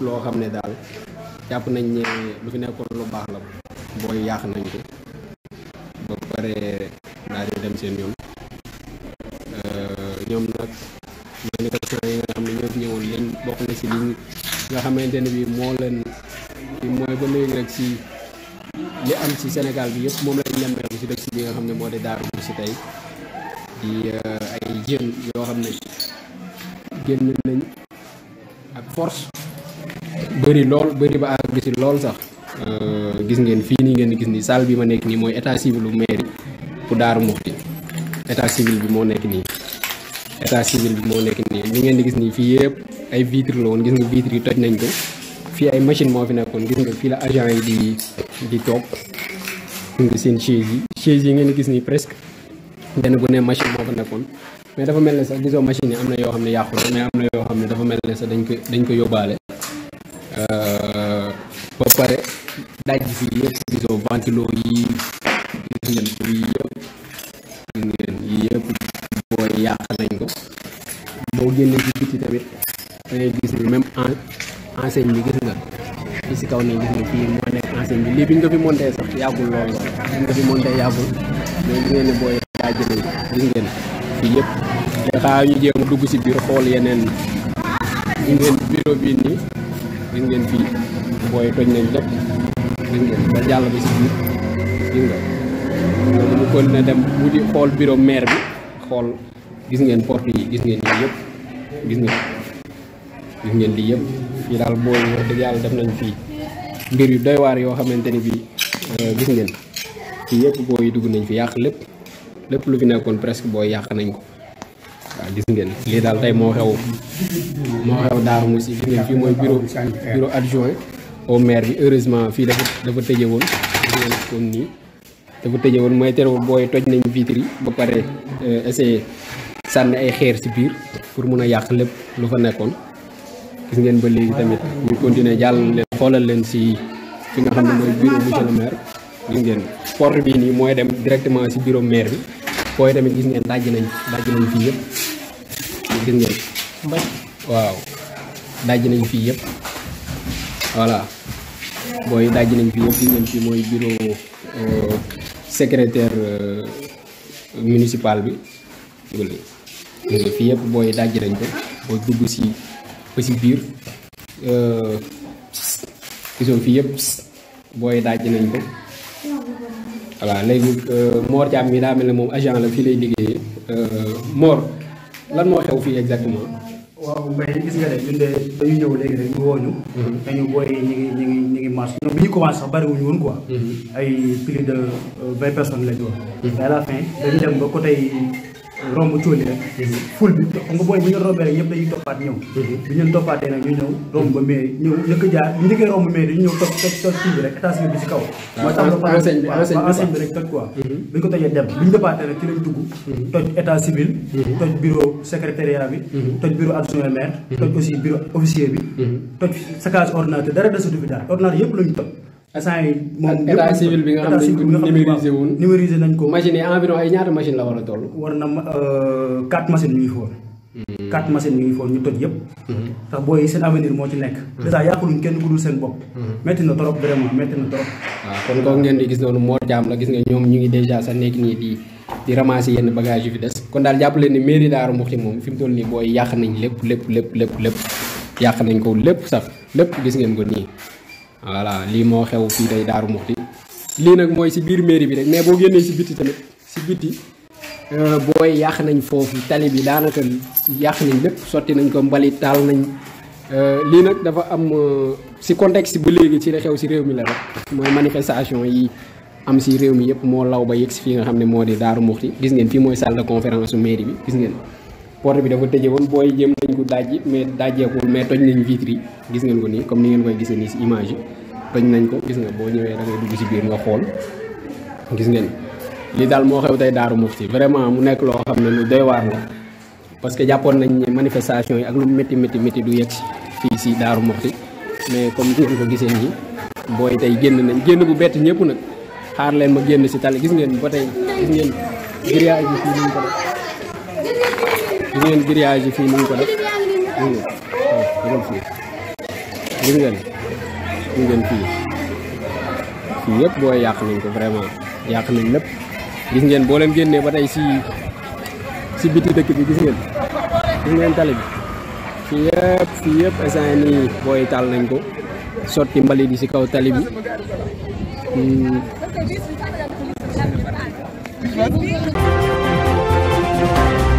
loo xam ne daal jàpp nañ ne lu fi nekkoon lu baax la booy yàq nañ ko ba pare daal di dem seen yoon ñoom nag manifestant yi ñëwoon leen si li nga xamante ne bi moo leen mooy ba léegi rek si li am ci Sénégal bi yëpp moom lañ nemmeeku si dëkk bi nga xam ne moo di Darou Mousty tey di ay jeunes yoo xam ne génn nañ ak force bëri lool bëri ba àgg si lool sax euh, gis ngeen fii nii ngeen gis nii salle bi ma nekk nii mooy état civil bu mairie bu Daaru Muxti état civil bi moo nekk nii état civil bi moo nekk nii li ngeen di gis nii fii yëpp ay vitre la woon gis nga vitre yi toj nañ ko fii ay machine moo fi nekkoon gis nga fii la agent yi di di toog gis nga seen chaise yi chaise yi ngeen gis nii presque benn bu ne machine moo fa nekkoon mais dafa mel ne sax gisoo machine yi am na yoo xam ne yàqu mais am na xam ne dafa mel ne sax dañ ko dañ ko yóbbaale Euh, ba pare fi yëpp gisoo ventilo yi gis ngeen ko yi yëpp gis booy yàq nañ ko boo génnee ci biti tamit da gis ni même en bi gis nga fii si kaw nii gis nga fii moo nekk enseigne bi lii bi ñu ko fi monté sax yàggul lool lool bi ñu ko fi monté yàggul mais gis ngeen booy daaj nañ gis ngeen fii yëpp daxaa ñu jéem a dugg si biir xool yeneen gis bii nii gis ngeen fii booy toj nañ lépp gis ngeen ba jàll ba si gis dem wuti xool bureau bi xool gis ngeen porte gis ngeen lii yëpp gis ngeen gis ngeen lii yëpp fii daal booy wax dëgg yàlla def nañ fii mbir yu doy waar yoo xamante ni bii euh, gis ngeen fii yëpp booy dugg nañ fi yàq lépp lépp lu fi nekkoon presque booy yàq nañ ko waaw gis ngeen lii daal tey moo xew moo xew Darou Mousty gis ngeen fii mooy bureau bureau adjoint au maire bi heureusement fii dafa dafa tëje woon gis ngeen comme nii dafa tëje woon mooy terewul booy toj nañ vitres yi ba pare euh, essayer sànni ay xeer ci biir pour mun a yàq lépp lu fa nekkoon gis ngeen ba léegi tamit ñu continuer jàll leen xoolal leen ci fi nga xam ne mooy bureau monsieur le maire gis ngeen porte bii nii mooy dem directement ci bureau maire bi booy tamit gis ngeen dajji nañ dajji fii yëpp gis ngeen waaw daj nañ fii yëpp voilà booy daj nañ fii yëpp gis ngeen fii mooy bureau euh, secrétaire euh, municipal bi fii yëpp booy daj nañ ko boo dugg si ba si biir euh, gisoo fii yëpp booy daj nañ ko voilà léegi Mor Thiam mi daa mel ne moom agent la fii lay liggéeyee Mor lan moo xew fii exactement. waaw Mbaye gis nga ne ñun dañu ñëw léegi rek ñu woo mhm. dañu booy ñu ngi ñu ngi ñu ngi bi ñu commencé sax bariwuñu woon quoi. Mhm. ay plus de euh, vingt personnes lañu woon. Mhm. mais la fin dañu dem ba côté romb cuuni rek ful bi xam nga booy bu ñu rombee rek ñëpp dañuy toppaat ñëw bi ñun toppaatee nag ñu ñëw romb ba ñëw njëkk jaar ñu njëkkee romb mairie ah, ah, mhm. ñu ñëw mhm. toj toj toj kii civil mhm. toj bureau secrétariat bi toj bureau adjoint maire toj aussi bureau officier bi toj saccage ordinateur dara desatu fi daal ordinateur yëpp lañu toj instant yi moom état civil bi nga xam ne numérisé woon numérisé nañ ko. machine yi environ ay ñaata machine la war a toll. war na ma euh, quatre machines ñu ngi foon. Hmm. quatre machines ñu ngi foon ñu toj yëpp. Hmm. ndax moo ci nekk. Hmm. dèjà yàquluñ kenn ku dul seen bopp. métti na trop vraiment métti na trop. waaw ah, kon kooku ngeen di gis noonu moo Thiam la gis nga ñoom ñu ngi dèjà sa nekk nii di di ramasser yenn bagage yu fi des. kon daal jàpp leen ni mairie Darou Mouhty moom fi mu toll nii booy yàq lépp lépp lépp lépp lépp yàq nañ ko lépp sax lépp gis ngeen ko nii voilà lii moo xew fii tey Daaru Muxti lii nag mooy si biir mairie bi rek mais boo génnee si biti tamit si biti euh, booy yàq nañ foofu tali bi daanaka yàq nañ lépp sotti nañ ko mbalit taal nañ euh, lii nag dafa am euh, si contexte bu léegi ci la xew si réew mi la rek mooy manifestation yi am si réew mi yëpp moo law ba yegg si fii nga xam ne moo di Daaru Muxti gis ngeen fii mooy salle de conférence su mairie bi gis ngeen porte bi dafa tëje woon booy jéem nañ ko dajji mais dajjeekul mais toj nañ vitre yi gis ngeen ko nii comme ni ngeen koy gisee nii si image yi toj nañ ko gis nga boo ñëwee da ngay dugg biir nga xool gis ngeen li daal moo xew tey Daaru Muxti vraiment mu nekk loo xam ne lu doy waar la parce que jàppoon nañ manifestation yi ak lu métti métti métti du yegg fii si Daaru Muxti mais comme ngeen ko gisee nii booy tey génn nañ génn bu bett ñëpp nag xaar leen ma génn si tali gis ngeen ba tey gis ngeen grillage bi fii ñu ko def di ngeen grillage yi fii ni ñu ko def gis ngeen gis ngeen fii fii yëpp booy yàq nañ ko vraiment yàq nañ lépp gis ngeen boo leen génnee ba tey si si biti dëkk bi gis ngeen gis ngeen tali bi fii yëpp fii yëpp instant nii booy taal nañ ko sotti mbali di ci kaw tali bi hmm.